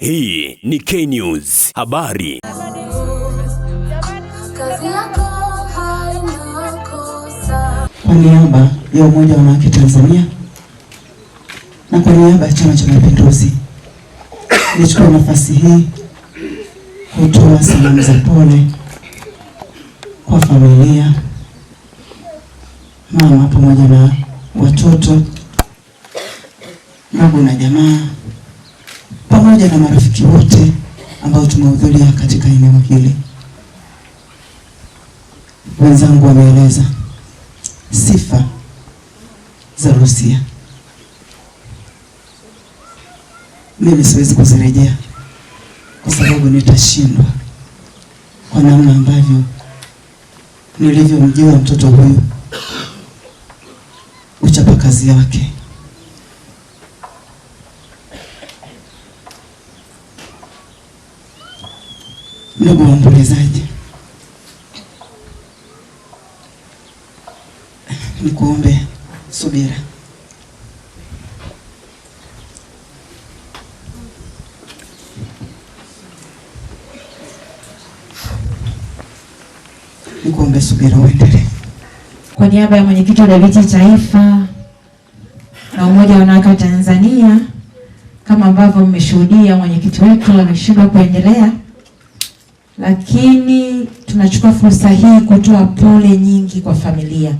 Hii ni K-News habari. Kwa niaba ya Umoja wa Wanawake Tanzania na kwa niaba ya Chama cha Mapinduzi, nichukua nafasi hii kutoa salamu za pole kwa familia, mama pamoja na watoto, ndugu na jamaa pamoja na marafiki wote ambao tumehudhuria katika eneo hili. Wenzangu wameeleza sifa za rusia mimi siwezi kuzirejea kwa sababu nitashindwa kwa namna ambavyo nilivyomjua mtoto huyu, uchapakazi wake ndugu waombolezaji, nikuombe subira. Nikuombe subira uendelee. Kwa niaba ya mwenyekiti wa Dawiti Taifa na Umoja wa Wanawake wa Tanzania, kama ambavyo mmeshuhudia mwenyekiti wetu ameshindwa kuendelea lakini tunachukua fursa hii kutoa pole nyingi kwa familia,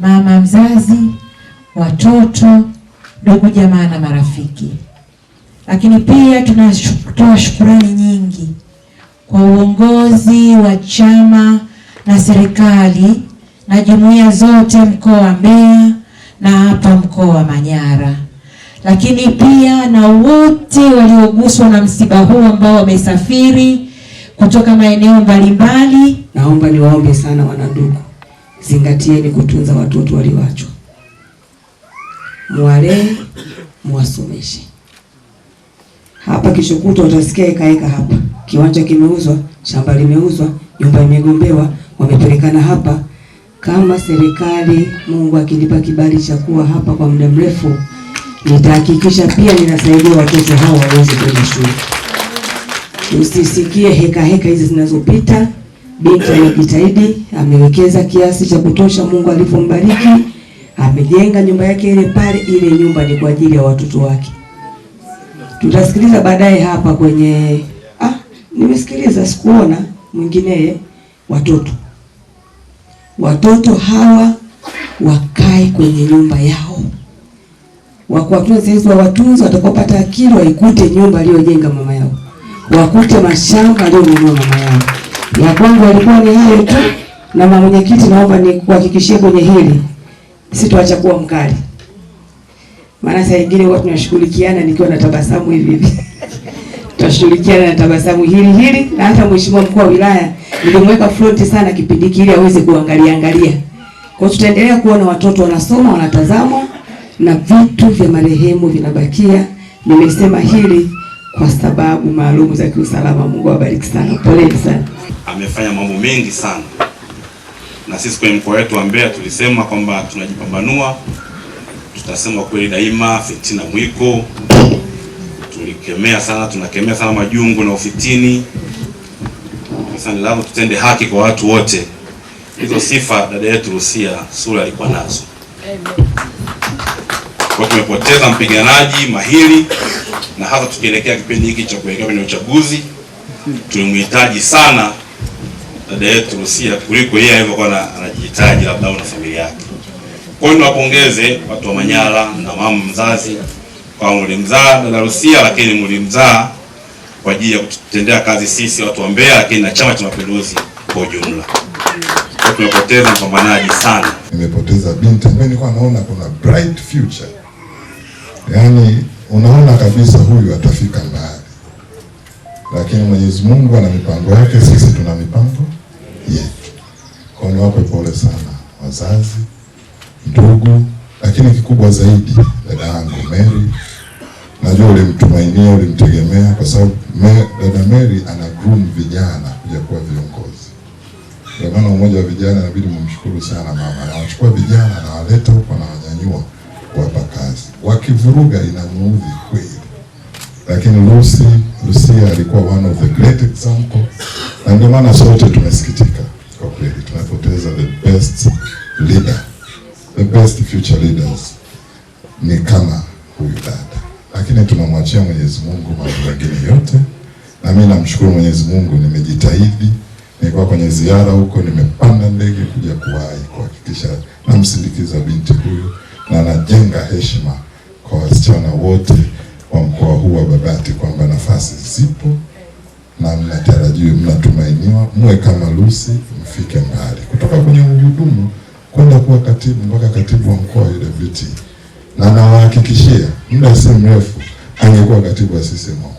mama mzazi, watoto, ndugu, jamaa na marafiki. Lakini pia tunatoa shukurani nyingi kwa uongozi wa chama na serikali na jumuiya zote mkoa wa Mbeya na hapa mkoa wa Manyara, lakini pia na wote walioguswa na msiba huu ambao wamesafiri kutoka maeneo mbalimbali. Naomba niwaombe sana wanaduku, zingatieni kutunza watoto waliowachwa, mwalee, mwasomeshe. Hapa kesho kutwa utasikia ekaeka hapa, kiwanja kimeuzwa, shamba limeuzwa, nyumba imegombewa, wamepelekana hapa. Kama serikali, Mungu akinipa kibali cha kuwa hapa kwa muda mrefu, nitahakikisha pia ninasaidia watoto hawa waweze kwenda shule. Usisikie heka heka hizi zinazopita. Binti amejitahidi, amewekeza kiasi cha kutosha, Mungu alivyombariki, amejenga nyumba yake ile pale. Ile nyumba ni kwa ajili ya watoto wake. Tutasikiliza baadaye hapa kwenye ah, nimesikiliza sikuona mwingineye. Watoto watoto hawa wakae kwenye nyumba yao, wakuwatunze hizo, wawatunze. watakopata akili waikute nyumba aliyojenga mama yao wakute mashamba aliyonunua mama yao. Ya kwanza alikuwa ni hiyo tu, na mama mwenyekiti, naomba nikuhakikishie kwenye hili sitaacha kuwa mkali, maana saa nyingine huwa tunashughulikiana nikiwa na tabasamu hivi hivi tunashughulikiana na tabasamu hili hili, na hata mheshimiwa mkuu wa wilaya nilimweka front sana kipindi kile aweze kuangalia angalia. Kwa hiyo tutaendelea kuona watoto wanasoma wanatazamwa na vitu vya marehemu vinabakia. Nimesema hili kwa sababu maalum za kiusalama. Mungu awabariki sana, poleni sana. Amefanya mambo mengi sana, na sisi kwenye mkoa wetu wa Mbeya tulisema kwamba tunajipambanua, tutasema kweli daima, fitina mwiko. Tulikemea sana, tunakemea sana majungu na ufitini. Sasa lazima tutende haki kwa watu wote. Hizo sifa dada yetu Rusia Sura alikuwa nazo. Amen kwa tumepoteza mpiganaji mahiri na hasa tukielekea kipindi hiki cha kuelekea kwenye uchaguzi, tulimhitaji sana dada yetu Rusia kuliko yeye alivyokuwa anajihitaji labda na familia yake. Kwa hiyo niwapongeze watu wa Manyara na mama mzazi kwa mlimzaa dada Rusia, lakini mlimzaa kwa ajili ya kututendea kazi sisi watu wa Mbeya, lakini na Chama cha Mapinduzi kwa ujumla. Tumepoteza mpambanaji sana, nimepoteza binti. Mimi nilikuwa naona kuna bright future yaani unaona kabisa huyu atafika mbali, lakini Mwenyezi Mungu ana mipango yake, sisi tuna mipango yetu. Kwa hiyo niwape pole sana wazazi, ndugu, lakini kikubwa zaidi dada yangu Mary, najua ulimtumainia, ulimtegemea, kwa sababu dada Mary ana groom vijana kuja kuwa viongozi. Ndio maana umoja wa vijana inabidi mumshukuru sana mama, anawachukua vijana, anawaleta huko, anawanyanyua kuwapa kazi, wakivuruga inamuudhi kweli. Lakini Lucy Lucy alikuwa one of the great example, na ndio maana sote tumesikitika kwa kweli, tunapoteza the best leader, the best future leaders ni kama huyu dada, lakini tunamwachia Mwenyezi Mungu mambo mengine yote, na mimi namshukuru Mwenyezi Mungu, nimejitahidi nilikuwa kwenye ziara huko, nimepanda ndege kuja kuwahi kuhakikisha namsindikiza binti huyu na anajenga heshima kwa wasichana wote wa mkoa huu wa Babati kwamba nafasi zipo na mnatarajiwa, mnatumainiwa, mwe kama Lucy, mfike mbali kutoka kwenye uhudumu kwenda kuwa katibu mpaka katibu wa mkoa yule viti, na nawahakikishia muda si mrefu angekuwa katibu wa sisi wa mkoa.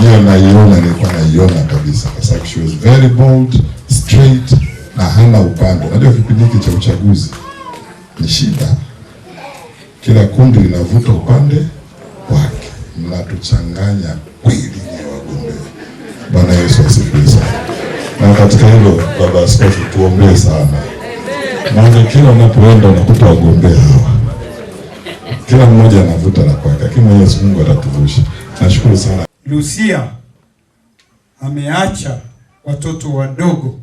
Hiyo naiona, nilikuwa naiona kabisa, kwa sababu she was very bold, straight na hana upande. Unajua kipindi hiki cha uchaguzi ni shida. Kila kundi linavuta upande wake, mnatuchanganya kweli ni wagombea. Bwana Yesu asifiwe sana. Na katika hilo, baba askofu, tuombee sana, maana kila unapoenda unakuta wagombea hawa, kila mmoja anavuta la kwake, lakini Mwenyezi Mungu atatuvusha. Nashukuru sana. Lucia ameacha watoto wadogo.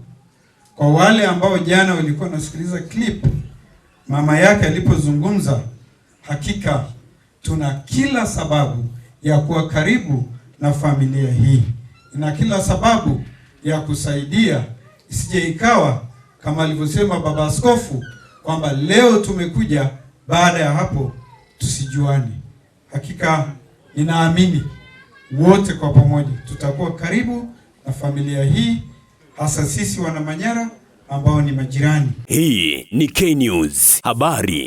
Kwa wale ambao jana walikuwa wanasikiliza clip mama yake alipozungumza, hakika tuna kila sababu ya kuwa karibu na familia hii na kila sababu ya kusaidia, isije ikawa kama alivyosema baba askofu kwamba leo tumekuja, baada ya hapo tusijuani Hakika ninaamini wote kwa pamoja tutakuwa karibu na familia hii, hasa sisi wana Manyara ambao ni majirani. Hii ni K News habari.